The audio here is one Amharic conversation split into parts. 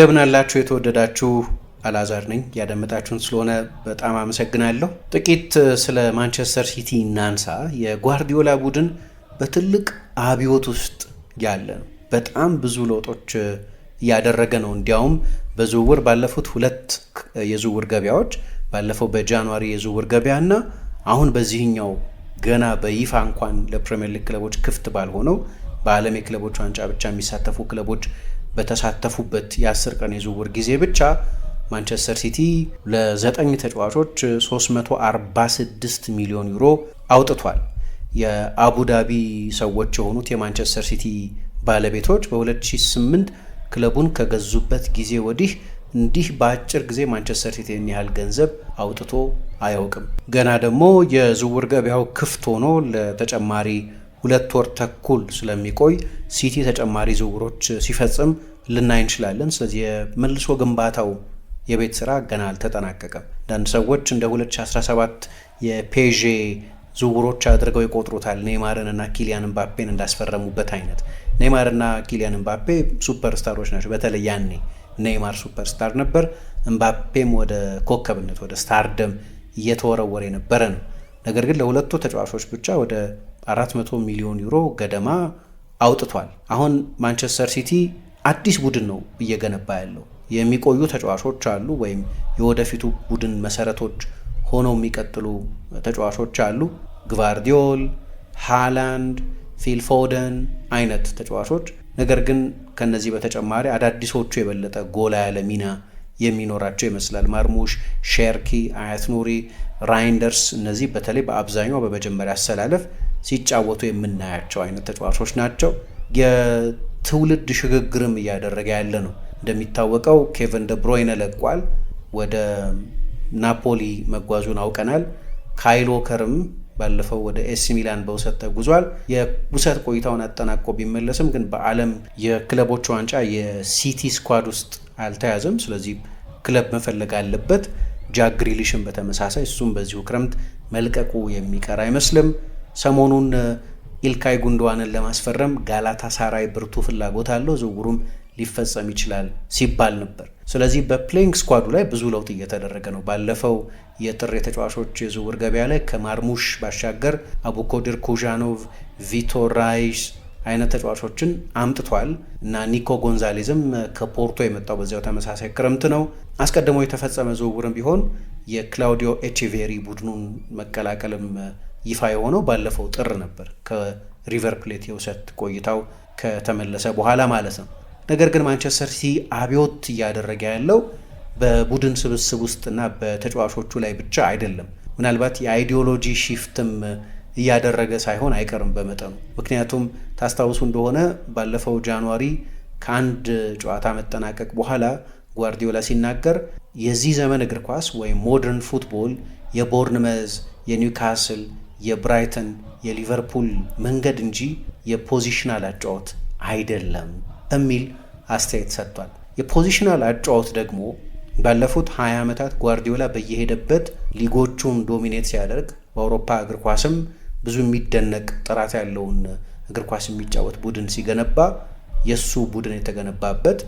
እንደምናላችሁ የተወደዳችሁ አላዛር ነኝ። ያደመጣችሁን ስለሆነ በጣም አመሰግናለሁ። ጥቂት ስለ ማንቸስተር ሲቲ እናንሳ። የጓርዲዮላ ቡድን በትልቅ አብዮት ውስጥ ያለ ነው። በጣም ብዙ ለውጦች እያደረገ ነው። እንዲያውም በዝውውር ባለፉት ሁለት የዝውውር ገበያዎች ባለፈው በጃንዋሪ የዝውውር ገበያ እና አሁን በዚህኛው ገና በይፋ እንኳን ለፕሪምየር ሊግ ክለቦች ክፍት ባልሆነው በዓለም የክለቦች ዋንጫ ብቻ የሚሳተፉ ክለቦች በተሳተፉበት የአስር ቀን የዝውውር ጊዜ ብቻ ማንቸስተር ሲቲ ለዘጠኝ ተጫዋቾች 346 ሚሊዮን ዩሮ አውጥቷል። የአቡዳቢ ሰዎች የሆኑት የማንቸስተር ሲቲ ባለቤቶች በ2008 ክለቡን ከገዙበት ጊዜ ወዲህ እንዲህ በአጭር ጊዜ ማንቸስተር ሲቲ ያህል ገንዘብ አውጥቶ አያውቅም። ገና ደግሞ የዝውውር ገበያው ክፍት ሆኖ ለተጨማሪ ሁለት ወር ተኩል ስለሚቆይ ሲቲ ተጨማሪ ዝውውሮች ሲፈጽም ልናይ እንችላለን። ስለዚህ የመልሶ ግንባታው የቤት ስራ ገና አልተጠናቀቀም። አንዳንድ ሰዎች እንደ 2017 የፔዤ ዝውውሮች አድርገው ይቆጥሩታል። ኔይማርን እና ኪሊያን ምባፔን እንዳስፈረሙበት አይነት ኔይማርና ኪሊያን ሱፐር ሱፐርስታሮች ናቸው። በተለይ ያኔ ኔይማር ሱፐርስታር ነበር። እምባፔም ወደ ኮከብነት ወደ ስታርደም እየተወረወረ የነበረ ነው። ነገር ግን ለሁለቱ ተጫዋቾች ብቻ ወደ 400 ሚሊዮን ዩሮ ገደማ አውጥቷል። አሁን ማንቸስተር ሲቲ አዲስ ቡድን ነው እየገነባ ያለው። የሚቆዩ ተጫዋቾች አሉ፣ ወይም የወደፊቱ ቡድን መሰረቶች ሆነው የሚቀጥሉ ተጫዋቾች አሉ። ግቫርዲዮል፣ ሃላንድ፣ ፊልፎደን አይነት ተጫዋቾች ነገር ግን ከነዚህ በተጨማሪ አዳዲሶቹ የበለጠ ጎላ ያለ ሚና የሚኖራቸው ይመስላል። ማርሙሽ፣ ሼርኪ፣ አያት ኑሪ፣ ራይንደርስ እነዚህ በተለይ በአብዛኛው በመጀመሪያ አሰላለፍ ሲጫወቱ የምናያቸው አይነት ተጫዋቾች ናቸው። የትውልድ ሽግግርም እያደረገ ያለ ነው። እንደሚታወቀው ኬቨን ደብሮይነ ለቋል፣ ወደ ናፖሊ መጓዙን አውቀናል። ካይል ዎከርም ባለፈው ወደ ኤሲ ሚላን በውሰት ተጉዟል። የውሰት ቆይታውን አጠናቆ ቢመለስም ግን በዓለም የክለቦች ዋንጫ የሲቲ ስኳድ ውስጥ አልተያዘም። ስለዚህ ክለብ መፈለግ አለበት። ጃክ ግሪሊሽን በተመሳሳይ እሱም በዚሁ ክረምት መልቀቁ የሚቀር አይመስልም። ሰሞኑን ኢልካይ ጉንድዋንን ለማስፈረም ጋላታ ሳራይ ብርቱ ፍላጎት አለው፣ ዝውውሩም ሊፈጸም ይችላል ሲባል ነበር። ስለዚህ በፕሌይንግ ስኳዱ ላይ ብዙ ለውጥ እየተደረገ ነው። ባለፈው የጥር የተጫዋቾች የዝውውር ገበያ ላይ ከማርሙሽ ባሻገር አቡኮዲር ኩዣኖቭ፣ ቪቶ ራይስ አይነት ተጫዋቾችን አምጥቷል እና ኒኮ ጎንዛሌዝም ከፖርቶ የመጣው በዚያው ተመሳሳይ ክረምት ነው። አስቀድሞ የተፈጸመ ዝውውርም ቢሆን የክላውዲዮ ኤቼቬሪ ቡድኑን መቀላቀልም ይፋ የሆነው ባለፈው ጥር ነበር ከሪቨር ፕሌት የውሰት ቆይታው ከተመለሰ በኋላ ማለት ነው። ነገር ግን ማንቸስተር ሲቲ አብዮት እያደረገ ያለው በቡድን ስብስብ ውስጥና በተጫዋቾቹ ላይ ብቻ አይደለም። ምናልባት የአይዲዮሎጂ ሺፍትም እያደረገ ሳይሆን አይቀርም በመጠኑ። ምክንያቱም ታስታውሱ እንደሆነ ባለፈው ጃንዋሪ ከአንድ ጨዋታ መጠናቀቅ በኋላ ጓርዲዮላ ሲናገር የዚህ ዘመን እግር ኳስ ወይም ሞደርን ፉትቦል የቦርንመዝ የኒውካስል የብራይተን የሊቨርፑል መንገድ እንጂ የፖዚሽናል አጫወት አይደለም የሚል አስተያየት ሰጥቷል። የፖዚሽናል አጫወት ደግሞ ባለፉት 20 ዓመታት ጓርዲዮላ በየሄደበት ሊጎቹን ዶሚኔት ሲያደርግ በአውሮፓ እግር ኳስም ብዙ የሚደነቅ ጥራት ያለውን እግር ኳስ የሚጫወት ቡድን ሲገነባ የእሱ ቡድን የተገነባበት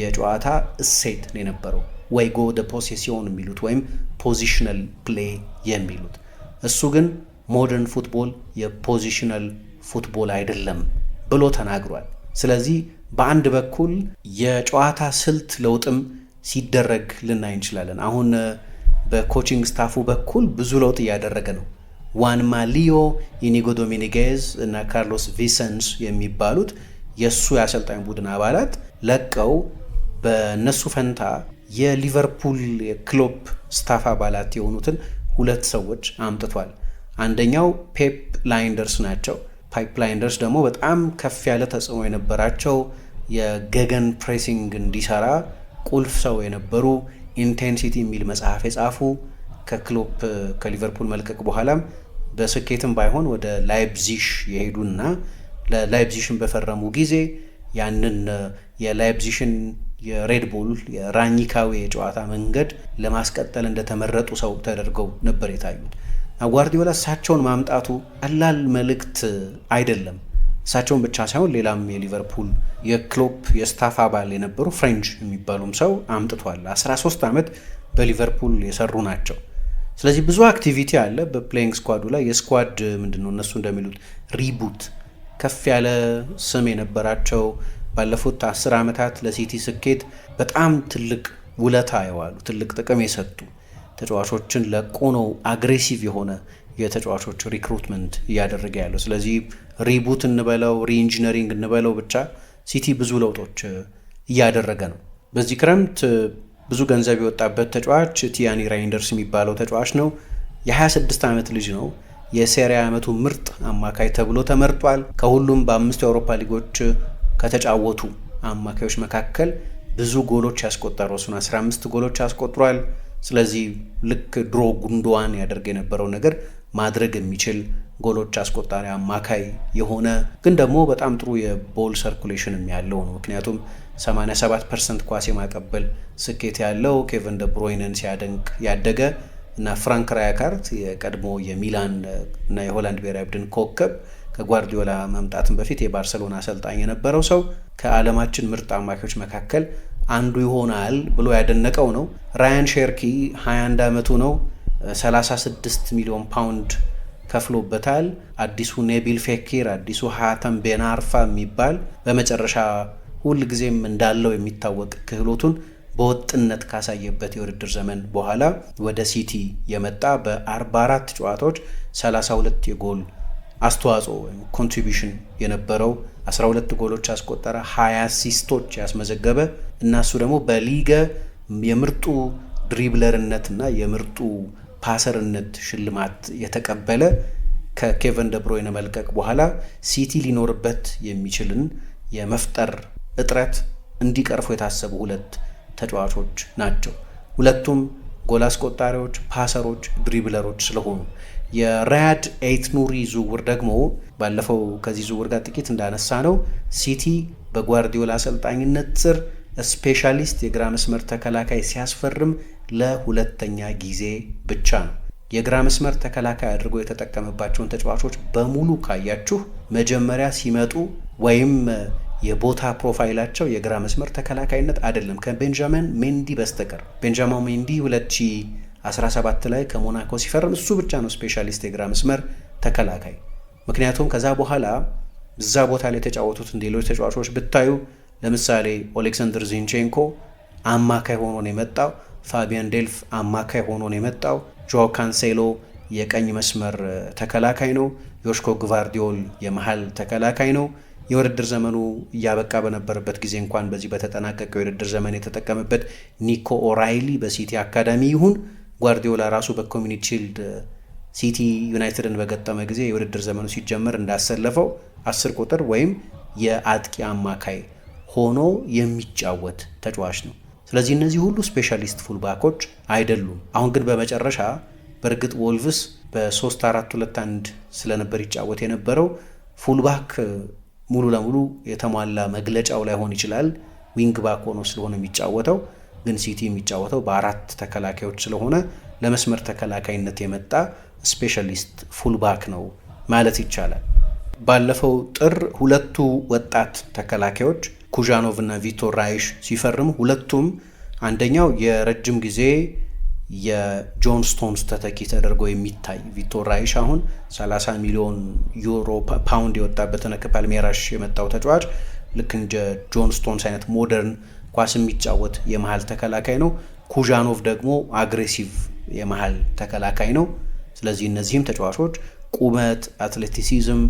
የጨዋታ እሴት ነው የነበረው። ወይ ጎ ደ ፖሴሲዮን የሚሉት ወይም ፖዚሽናል ፕሌይ የሚሉት እሱ ግን ሞደርን ፉትቦል የፖዚሽናል ፉትቦል አይደለም ብሎ ተናግሯል። ስለዚህ በአንድ በኩል የጨዋታ ስልት ለውጥም ሲደረግ ልናይ እንችላለን። አሁን በኮቺንግ ስታፉ በኩል ብዙ ለውጥ እያደረገ ነው። ዋንማ ሊዮ፣ ኢኒጎ ዶሚኒጌዝ እና ካርሎስ ቪሰንስ የሚባሉት የእሱ የአሰልጣኝ ቡድን አባላት ለቀው በነሱ ፈንታ የሊቨርፑል የክሎፕ ስታፍ አባላት የሆኑትን ሁለት ሰዎች አምጥቷል። አንደኛው ፔፕ ላይንደርስ ናቸው። ፓይፕ ላይንደርስ ደግሞ በጣም ከፍ ያለ ተጽዕኖ የነበራቸው የገገን ፕሬሲንግ እንዲሰራ ቁልፍ ሰው የነበሩ ኢንቴንሲቲ የሚል መጽሐፍ የጻፉ ከክሎፕ ከሊቨርፑል መልቀቅ በኋላም በስኬትም ባይሆን ወደ ላይፕዚሽ የሄዱና ለላይፕዚሽን በፈረሙ ጊዜ ያንን የላይፕዚሽን የሬድቡል የራኒካዊ የጨዋታ መንገድ ለማስቀጠል እንደተመረጡ ሰው ተደርገው ነበር የታዩት። ጓርዲዮላ እሳቸውን ማምጣቱ ቀላል መልእክት አይደለም። እሳቸውን ብቻ ሳይሆን ሌላም የሊቨርፑል የክሎፕ የስታፍ አባል የነበሩ ፍሬንች የሚባሉም ሰው አምጥቷል። 13 ዓመት በሊቨርፑል የሰሩ ናቸው። ስለዚህ ብዙ አክቲቪቲ አለ በፕሌይንግ ስኳዱ ላይ። የስኳድ ምንድነው እነሱ እንደሚሉት ሪቡት፣ ከፍ ያለ ስም የነበራቸው ባለፉት 10 ዓመታት ለሲቲ ስኬት በጣም ትልቅ ውለታ የዋሉ ትልቅ ጥቅም የሰጡ ተጫዋቾችን ለቆ ነው አግሬሲቭ የሆነ የተጫዋቾች ሪክሩትመንት እያደረገ ያለው። ስለዚህ ሪቡት እንበለው ሪኢንጂነሪንግ እንበለው ብቻ ሲቲ ብዙ ለውጦች እያደረገ ነው። በዚህ ክረምት ብዙ ገንዘብ የወጣበት ተጫዋች ቲያኒ ራይንደርስ የሚባለው ተጫዋች ነው። የ26 ዓመት ልጅ ነው። የሴሪያ ዓመቱ ምርጥ አማካይ ተብሎ ተመርጧል። ከሁሉም በአምስቱ የአውሮፓ ሊጎች ከተጫወቱ አማካዮች መካከል ብዙ ጎሎች ያስቆጠረው እሱን 15 ጎሎች አስቆጥሯል። ስለዚህ ልክ ድሮ ጉንዶዋን ያደርግ የነበረው ነገር ማድረግ የሚችል ጎሎች አስቆጣሪ አማካይ የሆነ ግን ደግሞ በጣም ጥሩ የቦል ሰርኩሌሽንም ያለው ነው። ምክንያቱም 87 ፐርሰንት ኳስ የማቀበል ስኬት ያለው ኬቨን ብሮይነን ሲያደንቅ ያደገ እና ፍራንክ ራያካርት የቀድሞ የሚላን እና የሆላንድ ብሔራዊ ቡድን ኮከብ ከጓርዲዮላ መምጣትን በፊት የባርሰሎና አሰልጣኝ የነበረው ሰው ከዓለማችን ምርጥ አማካዮች መካከል አንዱ ይሆናል ብሎ ያደነቀው ነው። ራያን ሼርኪ 21 ዓመቱ ነው። 36 ሚሊዮን ፓውንድ ከፍሎበታል። አዲሱ ኔቢል ፌኪር፣ አዲሱ ሀተም ቤናርፋ የሚባል በመጨረሻ ሁልጊዜም እንዳለው የሚታወቅ ክህሎቱን በወጥነት ካሳየበት የውድድር ዘመን በኋላ ወደ ሲቲ የመጣ በ44 ጨዋታዎች 32 የጎል አስተዋጽኦ ወይም ኮንትሪቢሽን የነበረው 12 ጎሎች ያስቆጠረ 20 አሲስቶች ያስመዘገበ እና እሱ ደግሞ በሊገ የምርጡ ድሪብለርነትና የምርጡ ፓሰርነት ሽልማት የተቀበለ ከኬቨን ደብሮይነ መልቀቅ በኋላ ሲቲ ሊኖርበት የሚችልን የመፍጠር እጥረት እንዲቀርፉ የታሰቡ ሁለት ተጫዋቾች ናቸው። ሁለቱም ጎል አስቆጣሪዎች፣ ፓሰሮች፣ ድሪብለሮች ስለሆኑ የራያድ ኤት ኑሪ ዝውውር ደግሞ ባለፈው ከዚህ ዝውውር ጋር ጥቂት እንዳነሳ ነው ሲቲ በጓርዲዮላ አሰልጣኝነት ስር ስፔሻሊስት የግራ መስመር ተከላካይ ሲያስፈርም ለሁለተኛ ጊዜ ብቻ ነው። የግራ መስመር ተከላካይ አድርጎ የተጠቀመባቸውን ተጫዋቾች በሙሉ ካያችሁ መጀመሪያ ሲመጡ ወይም የቦታ ፕሮፋይላቸው የግራ መስመር ተከላካይነት አይደለም፣ ከቤንጃሚን ሜንዲ በስተቀር ቤንጃሚን ሜንዲ 17 ላይ ከሞናኮ ሲፈርም እሱ ብቻ ነው ስፔሻሊስት የግራ መስመር ተከላካይ። ምክንያቱም ከዛ በኋላ እዛ ቦታ ላይ የተጫወቱትን ሌሎች ተጫዋቾች ብታዩ ለምሳሌ ኦሌክሳንደር ዚንቼንኮ አማካይ ሆኖ ነው የመጣው። ፋቢያን ዴልፍ አማካይ ሆኖ ነው የመጣው። ጆ ካንሴሎ የቀኝ መስመር ተከላካይ ነው። ዮሽኮ ግቫርዲዮል የመሃል ተከላካይ ነው። የውድድር ዘመኑ እያበቃ በነበረበት ጊዜ እንኳን በዚህ በተጠናቀቀው የውድድር ዘመን የተጠቀመበት ኒኮ ኦራይሊ በሲቲ አካዳሚ ይሁን ጓርዲዮላ ራሱ በኮሚኒቲ ሺልድ ሲቲ ዩናይትድን በገጠመ ጊዜ የውድድር ዘመኑ ሲጀመር እንዳሰለፈው አስር ቁጥር ወይም የአጥቂ አማካይ ሆኖ የሚጫወት ተጫዋች ነው። ስለዚህ እነዚህ ሁሉ ስፔሻሊስት ፉልባኮች አይደሉም። አሁን ግን በመጨረሻ በእርግጥ ወልቭስ በ3421 ስለነበር ይጫወት የነበረው ፉልባክ ሙሉ ለሙሉ የተሟላ መግለጫው ላይሆን ይችላል። ዊንግ ባክ ሆኖ ስለሆነ የሚጫወተው ግን ሲቲ የሚጫወተው በአራት ተከላካዮች ስለሆነ ለመስመር ተከላካይነት የመጣ ስፔሻሊስት ፉልባክ ነው ማለት ይቻላል። ባለፈው ጥር ሁለቱ ወጣት ተከላካዮች ኩዣኖቭ እና ቪቶር ራይሽ ሲፈርም ሁለቱም አንደኛው የረጅም ጊዜ የጆን ስቶንስ ተተኪ ተደርጎ የሚታይ ቪቶር ራይሽ አሁን 30 ሚሊዮን ዩሮ ፓውንድ የወጣበትን ከፓልሜራሽ የመጣው ተጫዋች ልክ እንደ ጆን ስቶንስ አይነት ሞደርን ኳስ የሚጫወት የመሀል ተከላካይ ነው። ኩዣኖቭ ደግሞ አግሬሲቭ የመሀል ተከላካይ ነው። ስለዚህ እነዚህም ተጫዋቾች ቁመት፣ አትሌቲሲዝም፣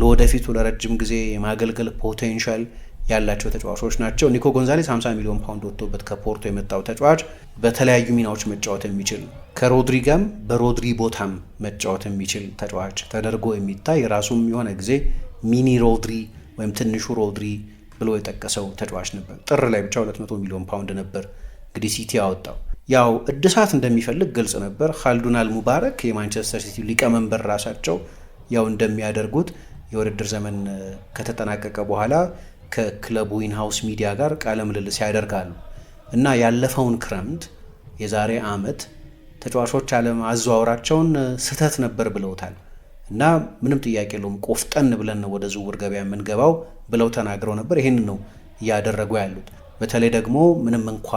ለወደፊቱ ለረጅም ጊዜ የማገልገል ፖቴንሻል ያላቸው ተጫዋቾች ናቸው። ኒኮ ጎንዛሌስ 50 ሚሊዮን ፓውንድ ወጥቶበት ከፖርቶ የመጣው ተጫዋች በተለያዩ ሚናዎች መጫወት የሚችል ከሮድሪጋም በሮድሪ ቦታም መጫወት የሚችል ተጫዋች ተደርጎ የሚታይ የራሱም የሆነ ጊዜ ሚኒ ሮድሪ ወይም ትንሹ ሮድሪ ብሎ የጠቀሰው ተጫዋች ነበር። ጥር ላይ ብቻ 200 ሚሊዮን ፓውንድ ነበር እንግዲህ ሲቲ ያወጣው። ያው እድሳት እንደሚፈልግ ግልጽ ነበር። ኻልዱን ሙባረክ የማንቸስተር ሲቲ ሊቀመንበር ራሳቸው ያው እንደሚያደርጉት የውድድር ዘመን ከተጠናቀቀ በኋላ ከክለቡ ኢንሃውስ ሚዲያ ጋር ቃለ ምልልስ ያደርጋሉ እና ያለፈውን ክረምት የዛሬ ዓመት ተጫዋቾች አለማዘዋወራቸውን ስህተት ነበር ብለውታል። እና ምንም ጥያቄ የለውም ቆፍጠን ብለን ነው ወደ ዝውውር ገበያ የምንገባው ብለው ተናግረው ነበር። ይህን ነው እያደረጉ ያሉት። በተለይ ደግሞ ምንም እንኳ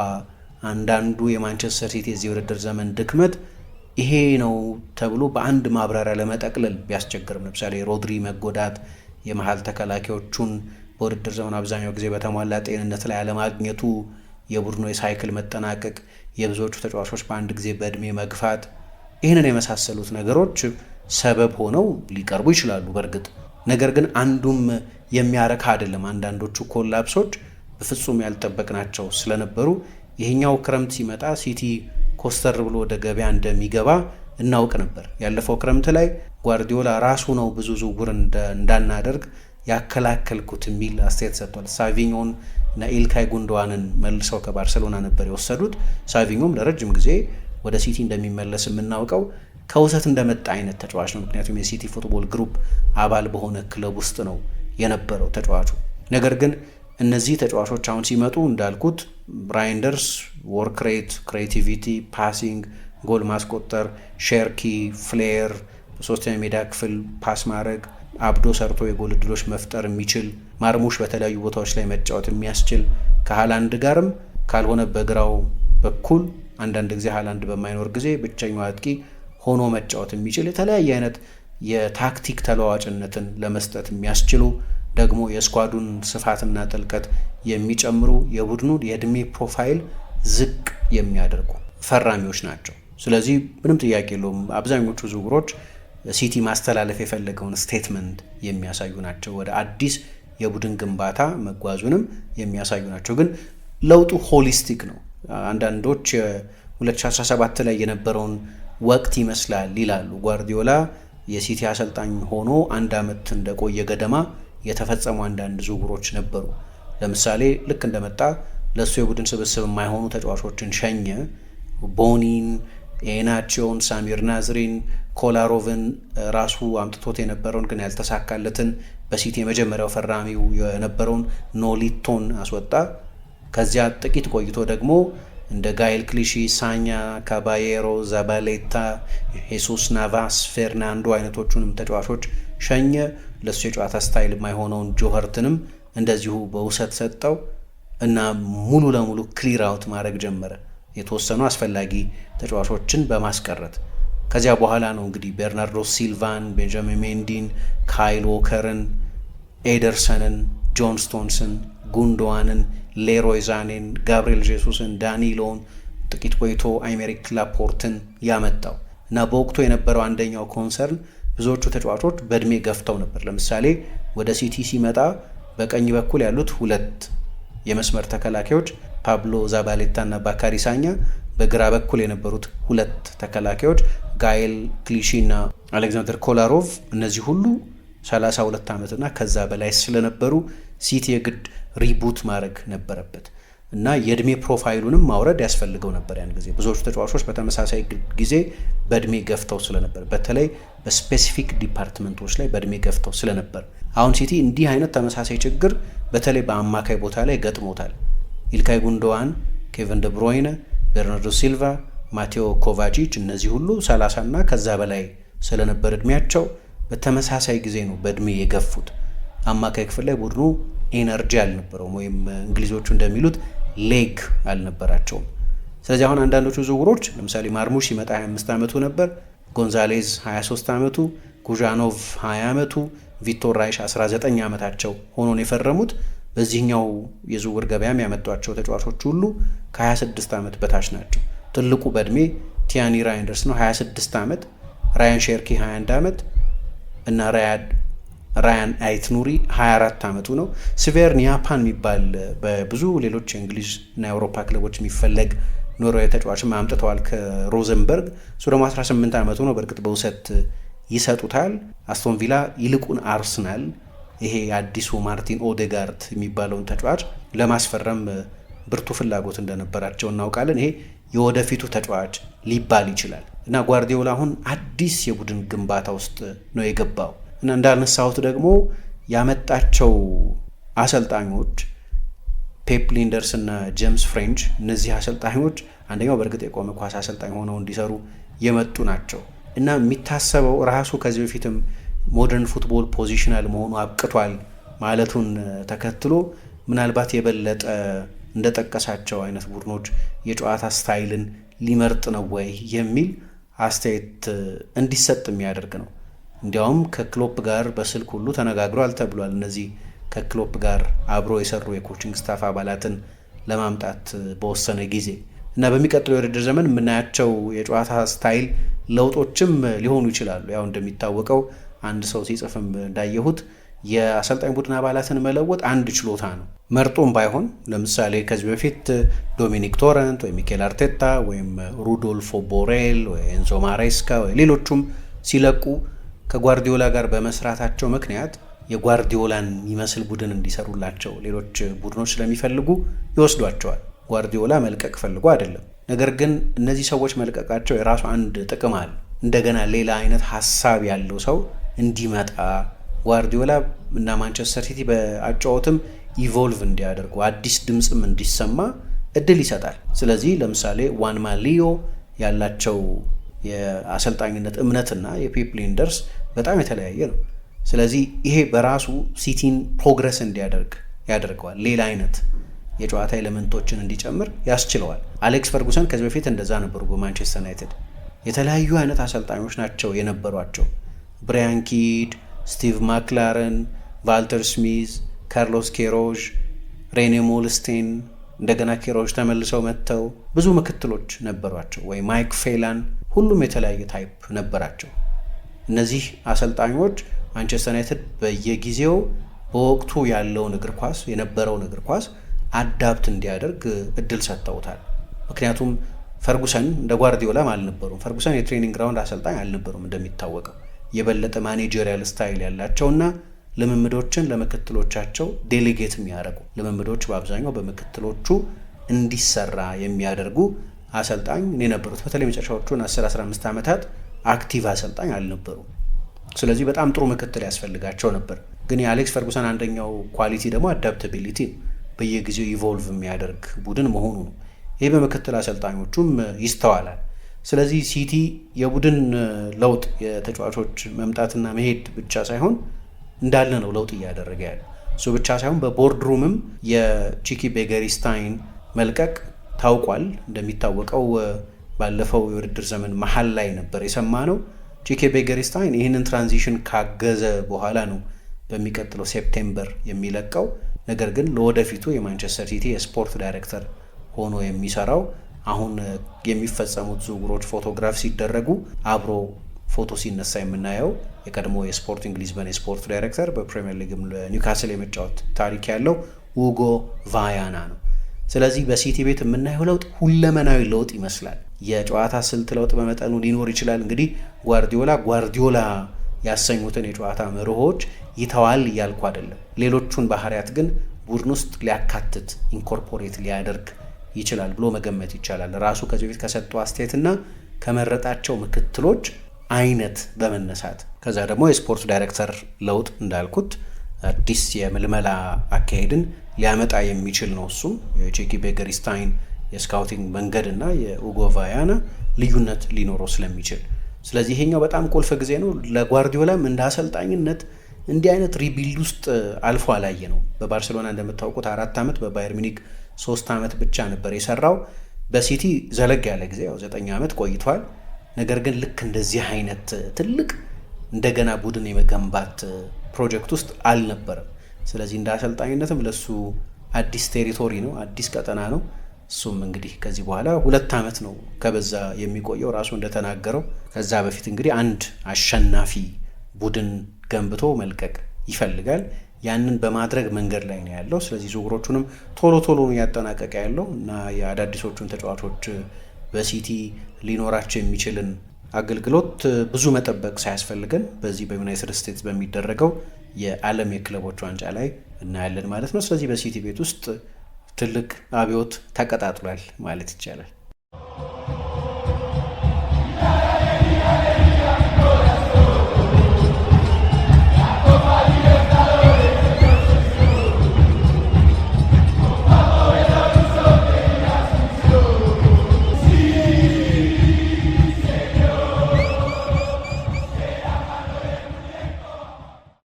አንዳንዱ የማንቸስተር ሲቲ የዚህ ውድድር ዘመን ድክመት ይሄ ነው ተብሎ በአንድ ማብራሪያ ለመጠቅለል ቢያስቸግርም፣ ለምሳሌ ሮድሪ መጎዳት፣ የመሀል ተከላካዮቹን በውድድር ዘመን አብዛኛው ጊዜ በተሟላ ጤንነት ላይ አለማግኘቱ፣ የቡድኑ የሳይክል መጠናቀቅ፣ የብዙዎቹ ተጫዋቾች በአንድ ጊዜ በእድሜ መግፋት ይህንን የመሳሰሉት ነገሮች ሰበብ ሆነው ሊቀርቡ ይችላሉ በእርግጥ ነገር ግን አንዱም የሚያረካ አይደለም። አንዳንዶቹ ኮላፕሶች በፍጹም ያልጠበቅናቸው ስለነበሩ ይህኛው ክረምት ሲመጣ ሲቲ ኮስተር ብሎ ወደ ገበያ እንደሚገባ እናውቅ ነበር። ያለፈው ክረምት ላይ ጓርዲዮላ ራሱ ነው ብዙ ዝውውር እንዳናደርግ ያከላከልኩት የሚል አስተያየት ሰጥቷል። ሳቪኞን እና ኢልካይ ጉንዶዋንን መልሰው ከባርሴሎና ነበር የወሰዱት። ሳቪኞም ለረጅም ጊዜ ወደ ሲቲ እንደሚመለስ የምናውቀው ከውሰት እንደመጣ አይነት ተጫዋች ነው። ምክንያቱም የሲቲ ፉትቦል ግሩፕ አባል በሆነ ክለብ ውስጥ ነው የነበረው ተጫዋቹ። ነገር ግን እነዚህ ተጫዋቾች አሁን ሲመጡ እንዳልኩት ራይንደርስ ወርክሬት፣ ሬት፣ ክሬቲቪቲ፣ ፓሲንግ፣ ጎል ማስቆጠር፣ ሼርኪ፣ ፍሌር ሶስተኛ ሜዳ ክፍል ፓስ ማድረግ አብዶ ሰርቶ የጎል እድሎች መፍጠር የሚችል ማርሙሽ በተለያዩ ቦታዎች ላይ መጫወት የሚያስችል ከሃላንድ ጋርም ካልሆነ በግራው በኩል አንዳንድ ጊዜ ሀላንድ በማይኖር ጊዜ ብቸኛው አጥቂ ሆኖ መጫወት የሚችል የተለያየ አይነት የታክቲክ ተለዋዋጭነትን ለመስጠት የሚያስችሉ ደግሞ የስኳዱን ስፋትና ጥልቀት የሚጨምሩ የቡድኑ የእድሜ ፕሮፋይል ዝቅ የሚያደርጉ ፈራሚዎች ናቸው። ስለዚህ ምንም ጥያቄ የለውም አብዛኞቹ ዝውውሮች ሲቲ ማስተላለፍ የፈለገውን ስቴትመንት የሚያሳዩ ናቸው። ወደ አዲስ የቡድን ግንባታ መጓዙንም የሚያሳዩ ናቸው። ግን ለውጡ ሆሊስቲክ ነው። አንዳንዶች 2017 ላይ የነበረውን ወቅት ይመስላል ይላሉ። ጓርዲዮላ የሲቲ አሰልጣኝ ሆኖ አንድ ዓመት እንደቆየ ገደማ የተፈጸሙ አንዳንድ ዝውውሮች ነበሩ። ለምሳሌ ልክ እንደመጣ ለእሱ የቡድን ስብስብ የማይሆኑ ተጫዋቾችን ሸኘ። ቦኒን፣ ኤናቸውን፣ ሳሚር ናዝሪን፣ ኮላሮቭን ራሱ አምጥቶት የነበረውን ግን ያልተሳካለትን በሲቲ የመጀመሪያው ፈራሚው የነበረውን ኖሊቶን አስወጣ። ከዚያ ጥቂት ቆይቶ ደግሞ እንደ ጋይል ክሊሺ፣ ሳኛ፣ ካባየሮ፣ ዛባሌታ፣ ሄሱስ ናቫስ፣ ፌርናንዶ አይነቶቹንም ተጫዋቾች ሸኘ። ለሱ የጨዋታ ስታይል የማይሆነውን ጆኸርትንም እንደዚሁ በውሰት ሰጠው እና ሙሉ ለሙሉ ክሊር አውት ማድረግ ጀመረ፣ የተወሰኑ አስፈላጊ ተጫዋቾችን በማስቀረት ከዚያ በኋላ ነው እንግዲህ ቤርናርዶ ሲልቫን፣ ቤንጃሚን ሜንዲን፣ ካይል ዎከርን፣ ኤደርሰንን፣ ጆን ስቶንስን ጉንዶዋንን፣ ሌሮይ ዛኔን፣ ጋብሪኤል ጄሱስን፣ ዳኒሎን ጥቂት ቆይቶ አይሜሪክ ላፖርትን ያመጣው እና በወቅቱ የነበረው አንደኛው ኮንሰርን ብዙዎቹ ተጫዋቾች በእድሜ ገፍተው ነበር። ለምሳሌ ወደ ሲቲ ሲመጣ በቀኝ በኩል ያሉት ሁለት የመስመር ተከላካዮች ፓብሎ ዛባሌታ እና ባካሪ ሳኛ፣ በግራ በኩል የነበሩት ሁለት ተከላካዮች ጋኤል ክሊሺ እና አሌክዛንደር ኮላሮቭ እነዚህ ሁሉ 32 ዓመትና ከዛ በላይ ስለነበሩ ሲቲ የግድ ሪቡት ማድረግ ነበረበት እና የእድሜ ፕሮፋይሉንም ማውረድ ያስፈልገው ነበር። ያን ጊዜ ብዙዎቹ ተጫዋቾች በተመሳሳይ ጊዜ በእድሜ ገፍተው ስለነበር፣ በተለይ በስፔሲፊክ ዲፓርትመንቶች ላይ በእድሜ ገፍተው ስለነበር አሁን ሲቲ እንዲህ አይነት ተመሳሳይ ችግር በተለይ በአማካይ ቦታ ላይ ገጥሞታል። ኢልካይ ጉንዶዋን፣ ኬቨን ደብሮይነ፣ ቤርናርዶ ሲልቫ፣ ማቴዎ ኮቫቺች እነዚህ ሁሉ 30 እና ከዛ በላይ ስለነበር እድሜያቸው በተመሳሳይ ጊዜ ነው በእድሜ የገፉት። አማካይ ክፍል ላይ ቡድኑ ኤነርጂ አልነበረውም፣ ወይም እንግሊዞቹ እንደሚሉት ሌግ አልነበራቸውም። ስለዚህ አሁን አንዳንዶቹ ዝውውሮች ለምሳሌ ማርሙሽ ሲመጣ 25 ዓመቱ ነበር፣ ጎንዛሌዝ 23 ዓመቱ፣ ጉዣኖቭ 20 ዓመቱ፣ ቪቶር ራይሽ 19 ዓመታቸው ሆኖን የፈረሙት በዚህኛው የዝውውር ገበያም ያመጧቸው ተጫዋቾች ሁሉ ከ26 ዓመት በታች ናቸው። ትልቁ በእድሜ ቲያኒ ራይንደርስ ነው 26 ዓመት፣ ራያን ሼርኪ 21 ዓመት እና ራያን አይት ኑሪ 24 ዓመቱ ነው። ስቬር ኒያፓን የሚባል በብዙ ሌሎች የእንግሊዝ እና የአውሮፓ ክለቦች የሚፈለግ ኖርዌያዊ ተጫዋች አምጥተዋል ከሮዘንበርግ። እሱ ደግሞ 18 ዓመቱ ነው። በእርግጥ በውሰት ይሰጡታል። አስቶን ቪላ ይልቁን አርስናል ይሄ አዲሱ ማርቲን ኦደጋርት የሚባለውን ተጫዋች ለማስፈረም ብርቱ ፍላጎት እንደነበራቸው እናውቃለን። ይሄ የወደፊቱ ተጫዋች ሊባል ይችላል። እና ጓርዲዮላ አሁን አዲስ የቡድን ግንባታ ውስጥ ነው የገባው እና እንዳልነሳሁት ደግሞ ያመጣቸው አሰልጣኞች ፔፕ ሊንደርስ እና ጄምስ ፍሬንች፣ እነዚህ አሰልጣኞች አንደኛው በእርግጥ የቆመ ኳስ አሰልጣኝ ሆነው እንዲሰሩ የመጡ ናቸው እና የሚታሰበው ራሱ ከዚህ በፊትም ሞደርን ፉትቦል ፖዚሽናል መሆኑ አብቅቷል ማለቱን ተከትሎ ምናልባት የበለጠ እንደጠቀሳቸው አይነት ቡድኖች የጨዋታ ስታይልን ሊመርጥ ነው ወይ የሚል አስተያየት እንዲሰጥ የሚያደርግ ነው። እንዲያውም ከክሎፕ ጋር በስልክ ሁሉ ተነጋግሯል ተብሏል። እነዚህ ከክሎፕ ጋር አብሮ የሰሩ የኮችንግ ስታፍ አባላትን ለማምጣት በወሰነ ጊዜ እና በሚቀጥለው የውድድር ዘመን የምናያቸው የጨዋታ ስታይል ለውጦችም ሊሆኑ ይችላሉ። ያው እንደሚታወቀው አንድ ሰው ሲጽፍም እንዳየሁት የአሰልጣኝ ቡድን አባላትን መለወጥ አንድ ችሎታ ነው። መርጦም ባይሆን ለምሳሌ ከዚህ በፊት ዶሚኒክ ቶረንት ወይ ሚኬል አርቴታ ወይም ሩዶልፎ ቦሬል ወይ ኤንዞ ማሬስካ ወይ ሌሎቹም ሲለቁ ከጓርዲዮላ ጋር በመስራታቸው ምክንያት የጓርዲዮላን የሚመስል ቡድን እንዲሰሩላቸው ሌሎች ቡድኖች ስለሚፈልጉ ይወስዷቸዋል። ጓርዲዮላ መልቀቅ ፈልጎ አይደለም። ነገር ግን እነዚህ ሰዎች መልቀቃቸው የራሱ አንድ ጥቅም አለ። እንደገና ሌላ አይነት ሀሳብ ያለው ሰው እንዲመጣ ጓርዲዮላ እና ማንቸስተር ሲቲ በአጫወትም ኢቮልቭ እንዲያደርጉ አዲስ ድምፅም እንዲሰማ እድል ይሰጣል። ስለዚህ ለምሳሌ ዋንማ ሊዮ ያላቸው የአሰልጣኝነት እምነትና የፔፕ ሊንደርስ በጣም የተለያየ ነው። ስለዚህ ይሄ በራሱ ሲቲን ፕሮግረስ እንዲያደርግ ያደርገዋል። ሌላ አይነት የጨዋታ ኤሌመንቶችን እንዲጨምር ያስችለዋል። አሌክስ ፈርጉሰን ከዚህ በፊት እንደዛ ነበሩ። በማንቸስተር ዩናይትድ የተለያዩ አይነት አሰልጣኞች ናቸው የነበሯቸው ብሪያን ኪድ ስቲቭ ማክላረን፣ ቫልተር ስሚዝ፣ ካርሎስ ኬሮዥ፣ ሬኔ ሞልስቴን እንደገና ኬሮዥ ተመልሰው መጥተው ብዙ ምክትሎች ነበሯቸው ወይ ማይክ ፌላን፣ ሁሉም የተለያየ ታይፕ ነበራቸው። እነዚህ አሰልጣኞች ማንቸስተር ዩናይትድ በየጊዜው በወቅቱ ያለውን እግር ኳስ የነበረውን እግር ኳስ አዳፕት እንዲያደርግ እድል ሰጥተውታል። ምክንያቱም ፈርጉሰን እንደ ጓርዲዮላም አልነበሩም። ፈርጉሰን የትሬኒንግ ግራውንድ አሰልጣኝ አልነበሩም እንደሚታወቀው የበለጠ ማኔጀሪያል ስታይል ያላቸውና ልምምዶችን ለምክትሎቻቸው ዴሌጌት የሚያደርጉ ልምምዶች በአብዛኛው በምክትሎቹ እንዲሰራ የሚያደርጉ አሰልጣኝ የነበሩት። በተለይ መጨረሻዎቹን 10-15 ዓመታት አክቲቭ አሰልጣኝ አልነበሩም። ስለዚህ በጣም ጥሩ ምክትል ያስፈልጋቸው ነበር። ግን የአሌክስ ፈርጉሰን አንደኛው ኳሊቲ ደግሞ አዳፕታቢሊቲ በየጊዜው ኢቮልቭ የሚያደርግ ቡድን መሆኑ ነው። ይህ በምክትል አሰልጣኞቹም ይስተዋላል። ስለዚህ ሲቲ የቡድን ለውጥ የተጫዋቾች መምጣትና መሄድ ብቻ ሳይሆን እንዳለ ነው ለውጥ እያደረገ ያለ እሱ ብቻ ሳይሆን በቦርድሩምም የቺኪ ቤገሪስታይን መልቀቅ ታውቋል። እንደሚታወቀው ባለፈው የውድድር ዘመን መሀል ላይ ነበር የሰማ ነው። ቺኪ ቤገሪስታይን ይህንን ትራንዚሽን ካገዘ በኋላ ነው በሚቀጥለው ሴፕቴምበር የሚለቀው። ነገር ግን ለወደፊቱ የማንቸስተር ሲቲ የስፖርት ዳይሬክተር ሆኖ የሚሰራው አሁን የሚፈጸሙት ዝውውሮች ፎቶግራፍ ሲደረጉ አብሮ ፎቶ ሲነሳ የምናየው የቀድሞ የስፖርቲንግ ሊዝበን የስፖርት ዳይሬክተር በፕሪምየር ሊግም ኒውካስል የመጫወት ታሪክ ያለው ውጎ ቫያና ነው። ስለዚህ በሲቲ ቤት የምናየው ለውጥ ሁለመናዊ ለውጥ ይመስላል። የጨዋታ ስልት ለውጥ በመጠኑ ሊኖር ይችላል። እንግዲህ ጓርዲዮላ ጓርዲዮላ ያሰኙትን የጨዋታ መርሆች ይተዋል እያልኩ አይደለም። ሌሎቹን ባህሪያት ግን ቡድን ውስጥ ሊያካትት ኢንኮርፖሬት ሊያደርግ ይችላል ብሎ መገመት ይቻላል። ራሱ ከዚህ በፊት ከሰጡ አስተያየትና ከመረጣቸው ምክትሎች አይነት በመነሳት ከዛ ደግሞ የስፖርት ዳይሬክተር ለውጥ እንዳልኩት አዲስ የምልመላ አካሄድን ሊያመጣ የሚችል ነው። እሱም የቼኪ ቤገሪስታይን የስካውቲንግ መንገድና የኡጎቫያና ልዩነት ሊኖረው ስለሚችል ስለዚህ ይሄኛው በጣም ቁልፍ ጊዜ ነው። ለጓርዲዮላም እንደ አሰልጣኝነት እንዲህ አይነት ሪቢልድ ውስጥ አልፎ አላየ ነው። በባርሴሎና እንደምታውቁት አራት ዓመት በባየር ሚኒክ ሶስት ዓመት ብቻ ነበር የሰራው። በሲቲ ዘለግ ያለ ጊዜ ያው ዘጠኝ ዓመት ቆይቷል። ነገር ግን ልክ እንደዚህ አይነት ትልቅ እንደገና ቡድን የመገንባት ፕሮጀክት ውስጥ አልነበረም። ስለዚህ እንደ አሰልጣኝነትም ለሱ አዲስ ቴሪቶሪ ነው፣ አዲስ ቀጠና ነው። እሱም እንግዲህ ከዚህ በኋላ ሁለት ዓመት ነው ከበዛ የሚቆየው ራሱ እንደተናገረው። ከዛ በፊት እንግዲህ አንድ አሸናፊ ቡድን ገንብቶ መልቀቅ ይፈልጋል። ያንን በማድረግ መንገድ ላይ ነው ያለው። ስለዚህ ዝውውሮቹንም ቶሎ ቶሎ እያጠናቀቀ ያለው እና የአዳዲሶቹን ተጫዋቾች በሲቲ ሊኖራቸው የሚችልን አገልግሎት ብዙ መጠበቅ ሳያስፈልገን በዚህ በዩናይትድ ስቴትስ በሚደረገው የዓለም የክለቦች ዋንጫ ላይ እናያለን ማለት ነው። ስለዚህ በሲቲ ቤት ውስጥ ትልቅ አብዮት ተቀጣጥሏል ማለት ይቻላል።